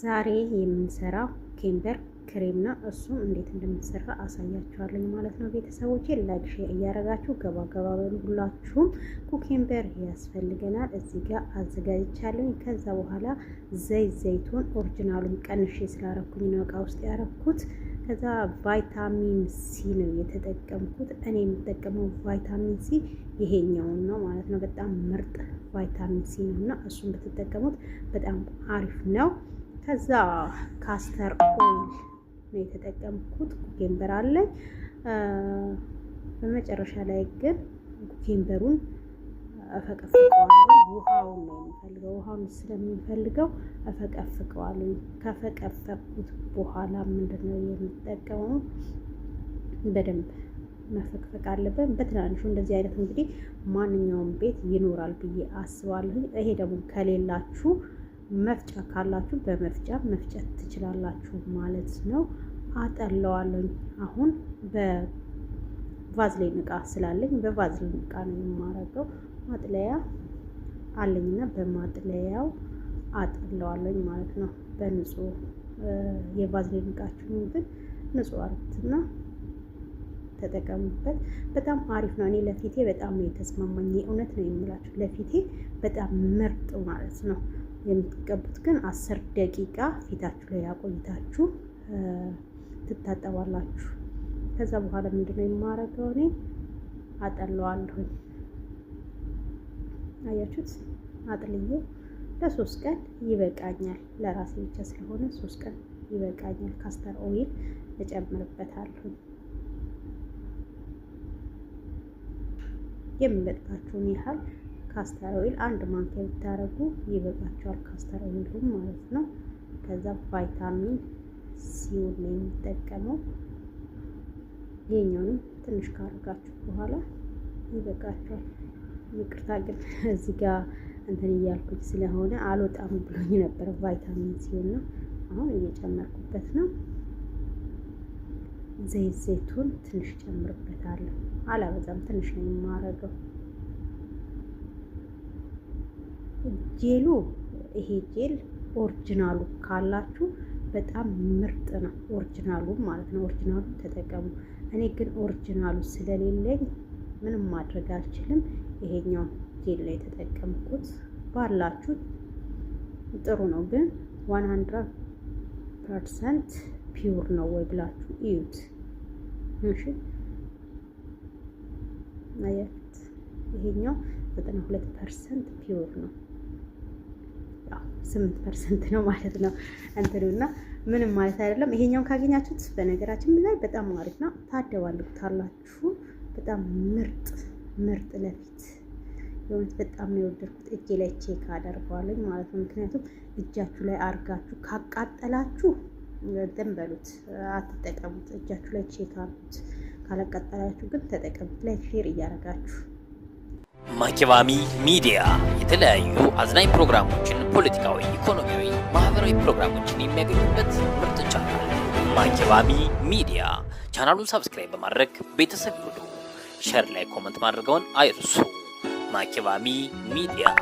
ዛሬ የምንሰራው ኬምበር ክሬም ነው። እሱም እንዴት እንደምንሰራ አሳያችኋለኝ ማለት ነው። ቤተሰቦቼ ላይክ፣ ሼር እያደረጋችሁ ገባ ገባ በሉ ሁላችሁም። ኩኬምበር ያስፈልገናል እዚህ ጋር አዘጋጅቻለኝ። ከዛ በኋላ ዘይት ዘይቱን ኦሪጂናሉን ቀንሼ ስላረኩኝ ነው እቃ ውስጥ ያረኩት። ከዛ ቫይታሚን ሲ ነው የተጠቀምኩት። እኔ የምጠቀመው ቫይታሚን ሲ ይሄኛውን ነው ማለት ነው። በጣም ምርጥ ቫይታሚን ሲ ነው እና እሱን ብትጠቀሙት በጣም አሪፍ ነው። ከዛ ካስተር ኦይል ነው የተጠቀምኩት። ኩኬምበር አለኝ። በመጨረሻ ላይ ግን ኩኬምበሩን እፈቀፍቀዋለሁ። ውሃውን ነው የሚፈልገው። ውሃውን ስለሚፈልገው እፈቀፍቀዋለሁ። ከፈቀፈኩት በኋላ ምንድን ነው የምጠቀመው? በደንብ መፈቅፈቅ አለበት። በትናንሹ እንደዚህ አይነት እንግዲህ ማንኛውም ቤት ይኖራል ብዬ አስባለሁ። ይሄ ደግሞ ከሌላችሁ መፍጫ ካላችሁ በመፍጫ መፍጨት ትችላላችሁ ማለት ነው። አጠለዋለኝ አሁን በቫዝሊን እቃ ስላለኝ በቫዝሊን እቃ ነው የማረገው። ማጥለያ አለኝና በማጥለያው አጠለዋለኝ ማለት ነው። በንጹህ የቫዝሊን እቃችሁን ግን ንጹህ አርጉትና የተጠቀሙበት በጣም አሪፍ ነው። እኔ ለፊቴ በጣም ነው የተስማማኝ። እውነት ነው የምላችሁ ለፊቴ በጣም ምርጥ ማለት ነው። የምትቀቡት ግን አስር ደቂቃ ፊታችሁ ላይ ያቆይታችሁ ትታጠባላችሁ። ከዛ በኋላ ምንድነው የማረገው እኔ አጠለዋለሁኝ። አያችሁት? አጥልዬ ለሶስት ቀን ይበቃኛል። ለራሴ ብቻ ስለሆነ ሶስት ቀን ይበቃኛል። ካስተር ኦይል እጨምርበታለሁ። የሚበቃችሁን ያህል ካስተር ኦይል አንድ ማንኪያ ብታደርጉ ይበቃችኋል። ካስተር ኦይሉም ማለት ነው። ከዛ ቫይታሚን ሲውን ነው የሚጠቀመው። ይሄኛውንም ትንሽ ካደረጋችሁ በኋላ ይበቃችኋል። ይቅርታ ግን እዚህ ጋር እንትን እያልኩት ስለሆነ አልወጣም ብሎኝ ነበረ። ቫይታሚን ሲውን ነው አሁን እየጨመርኩበት ነው። ዘይት ዘይቱን ትንሽ ጨምርበታለሁ። አላበዛም፣ ትንሽ ነው የማረገው። ጄሉ ይሄ ጄል ኦሪጂናሉ ካላችሁ በጣም ምርጥ ነው። ኦሪጂናሉ ማለት ነው። ኦሪጂናሉ ተጠቀሙ። እኔ ግን ኦሪጂናሉ ስለሌለኝ ምንም ማድረግ አልችልም። ይሄኛው ጄል ላይ የተጠቀምኩት ባላችሁ ጥሩ ነው። ግን 100 ፐርሰንት ፒውር ነው ወይ ብላችሁ እዩት። እሺ አያት ይሄኛው 92% ፒውር ነው። ያው 8% ነው ማለት ነው እንትኑና ምንም ማለት አይደለም። ይሄኛውን ካገኛችሁት በነገራችን ላይ በጣም አሪፍ ነው፣ ታደባልቁታላችሁ። በጣም ምርጥ ምርጥ ለፊት የሆነት በጣም ነው የወደድኩት። እጄ ላይ ቼክ አደርገዋለኝ ማለት ነው። ምክንያቱም እጃችሁ ላይ አርጋችሁ ካቃጠላችሁ እንትን በሉት፣ አትጠቀሙት። እጃችሁ ላይ ቼክ አሉት። ካለቀጠላችሁ ግን ተጠቀሙት። ላይክ ሼር እያደረጋችሁ ማኪባሚ ሚዲያ የተለያዩ አዝናኝ ፕሮግራሞችን፣ ፖለቲካዊ፣ ኢኮኖሚያዊ፣ ማህበራዊ ፕሮግራሞችን የሚያገኙበት ምርጥ ቻናል ማኪባሚ ሚዲያ። ቻናሉን ሰብስክራይብ በማድረግ ቤተሰብ ይሁኑ። ሸር ላይ ኮመንት ማድረገውን አይርሱ። ማኪባሚ ሚዲያ